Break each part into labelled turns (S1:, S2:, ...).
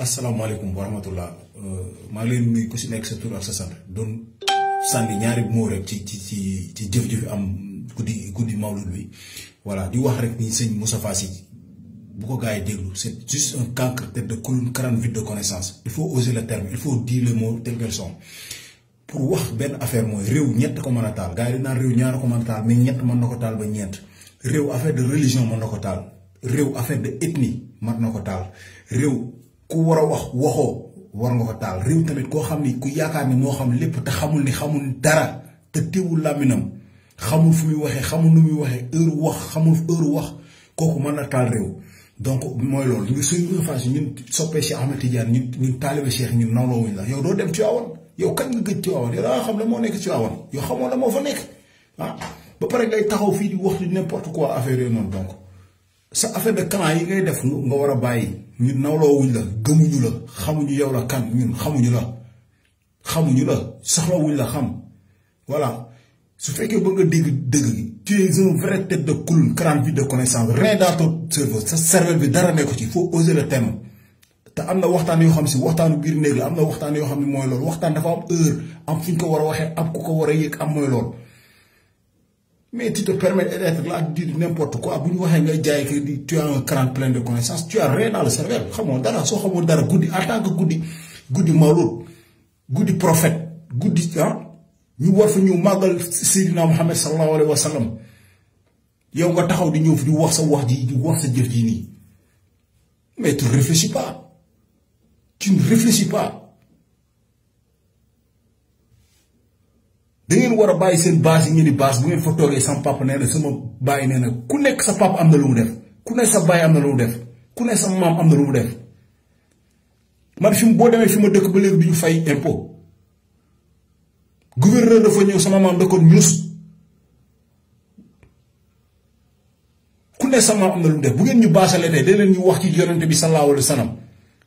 S1: asalaamaaleykum wa rahmatullah euh, maa ngi leen nuyu ku si sa tur ak sa sant doon sànni ñaari mo rek ci ci ci ci jëf-jëf am guddi guddi mawlud bi voilà di wax rek ni sëñ Moustapha Sy bu ko gars yi déglu juste un cancer tête de colonne crâne vide de connaissance il faut oser le terme il faut dire le mot tel quel son pour wax ben affaire mooy rew ñett ko mën taal gars dina rew réew ñaar ko mën taal mais ñett mën nako taal ba ñeent rew affaire de religion mën nako taal rew affaire de ethnie mën nako taal rew ku war a wax waxoo war nga ko taal réew tamit koo xam ni ku yaakaar ni moo xam lépp te xamul ni xamul dara te teewul làmminam xamul fu muy waxee xamul nu muy waxee heure wax xamul heure wax kooku mën na taal réew donc mooy loolu ñu suñu enfance ñun soppee Cheikh Ahmed Tidiane ñun ñun taalibe Cheikh ñun nawloo wuñ la yow doo dem Tiwaawan yow kañ nga gëj Tiwaawan yow daa xam la moo nekk Tiwaawan yow xamoo la moo fa nekk ah ba pare ngay taxaw fii di wax di n'importe quoi affaire yooyu noonu donc sa de yi ngay def nga a ñu nawlo la la xamuñu yow la ñun xamuñu la xamuñu la la xam voilà su fekkee bëgg nga dégg tu es une vraie tête de clown crâne vide de connaissance rien dans ton cerveau sa cerveau bi dara ci faut oser le terme te xam si biir la am na waxtaan dafa am heure am ko am ku ko am Mais tu te permets d'être là, de dire n'importe quoi. Tu as un crâne plein de connaissances, tu as rien dans le cerveau. En tant que goudi, goudi maloud, goudi prophète, goudi, hein? Ah, Nous avons fait magal Sayyidina Muhammad sallallahu alayhi wa sallam. Yow nga taxaw de faire des di Il sa a di di wax sa Mais tu réfléchis pas. Tu ne réfléchis pas. da ngeen war a bàyyi seen base yi ngeen di base bu ngeen fa toogee sama papa nee na sama bàyyi nee na ku nekk sa papa am na lu mu def ku am na lu mu ku nekk sa maam am na lu mu fi mu boo demee fi ma dëkk ba léegi ñu fay impôt gouverneur dafa ñëw sama maam dëkkoon ñuus ne sama maam am na bu ngeen ñu baasalee tey da leen ñu wax ci bi sallallahu alayhi wa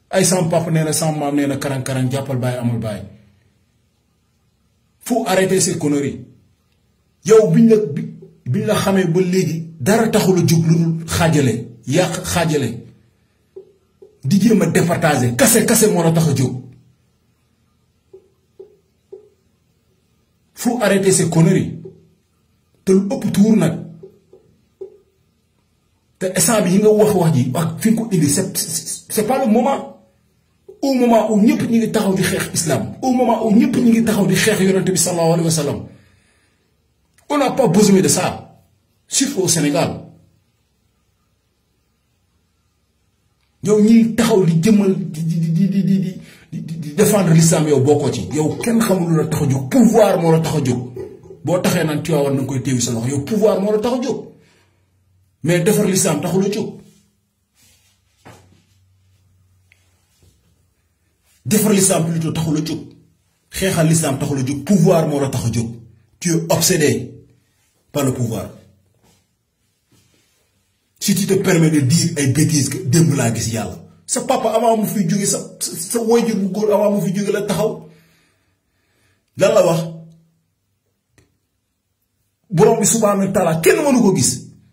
S1: ay sama nee na sama maam nee na karan karan jàppal bàyyi amul bàyyi. faut arrêter ces conneries yow biñ la biñ la xamee ba léegi dara taxul a jug lu dul xaajale yàq xaajale di jéem a départager kase kase moo la tax a jóg faut arrêter ces conneries te lu ëpp tuur nag te instant bi yi nga wax wax ji ak fi nga ko indi c'est c'est pas le moment au moment où ñëpp ñi ngi taxaw di xex islam au moment où ñëpp ñi ngi taxaw di xex yonent bi sallallahu alayhi wa sallam on n'a pas besoin de ça surtout au Sénégal yow ñuy taxaw di jëmmal di di di di di di di défendre l'islam yow boko ci. yow kenn xamul la tax a pouvoir mo la tax a jóg boo taxee naan Tivaouane na nga koy téewi sa loxo yow pouvoir mo la tax a mais défendre l'islam taxul a jóg. defar lislaam bi lu tax taxul a jóg l'islam lislaam taxul a pouvoir mo la tax a tu es obsédé par le pouvoir si tu te permets de dire des bêtises que démb la gis yalla sa papa avant mu fi jóge sa sa waajur bu góor avant mu fi jóge la taxaw lan la wax borom bi subhaanahu wa taala kenn mënu ko gis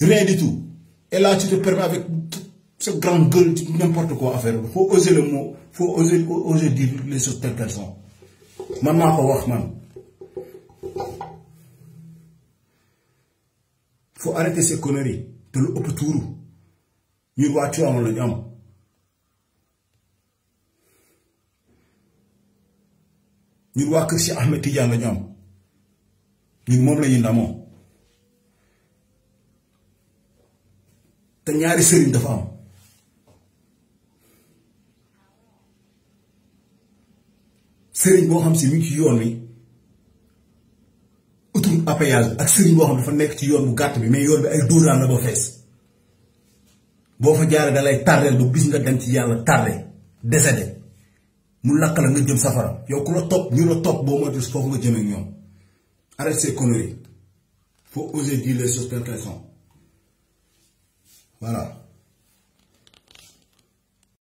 S1: Rien du tout. Et là, tu te permets avec ce grand gueule, n'importe quoi à faire. faut oser le mot, faut oser, oser dire les choses telles qu'elles sont. Maman, il faut arrêter ces conneries de l'optourou. Nous tu le diamant. Nous voyons que si Ahmed Tidiane le diamant. Nous sommes les te ñaari sëriñ dafa am sëriñ boo xam si mi ngi ci yoon wi autoroute à péage ak sëriñ boo xam dafa nekk ci yoon bu gàtt bi mais yoon bi ay dóoraan la ba fees boo fa jaaree da lay tardeel ba bis nga dem ci yàlla tardé décédé mu lakk la nga jëm safara yow ku la topp ñu la topp boo moytuwul foofu nga jëm ñoom arrête ces conneries faut oser dire les choses telles qu'elles 完了。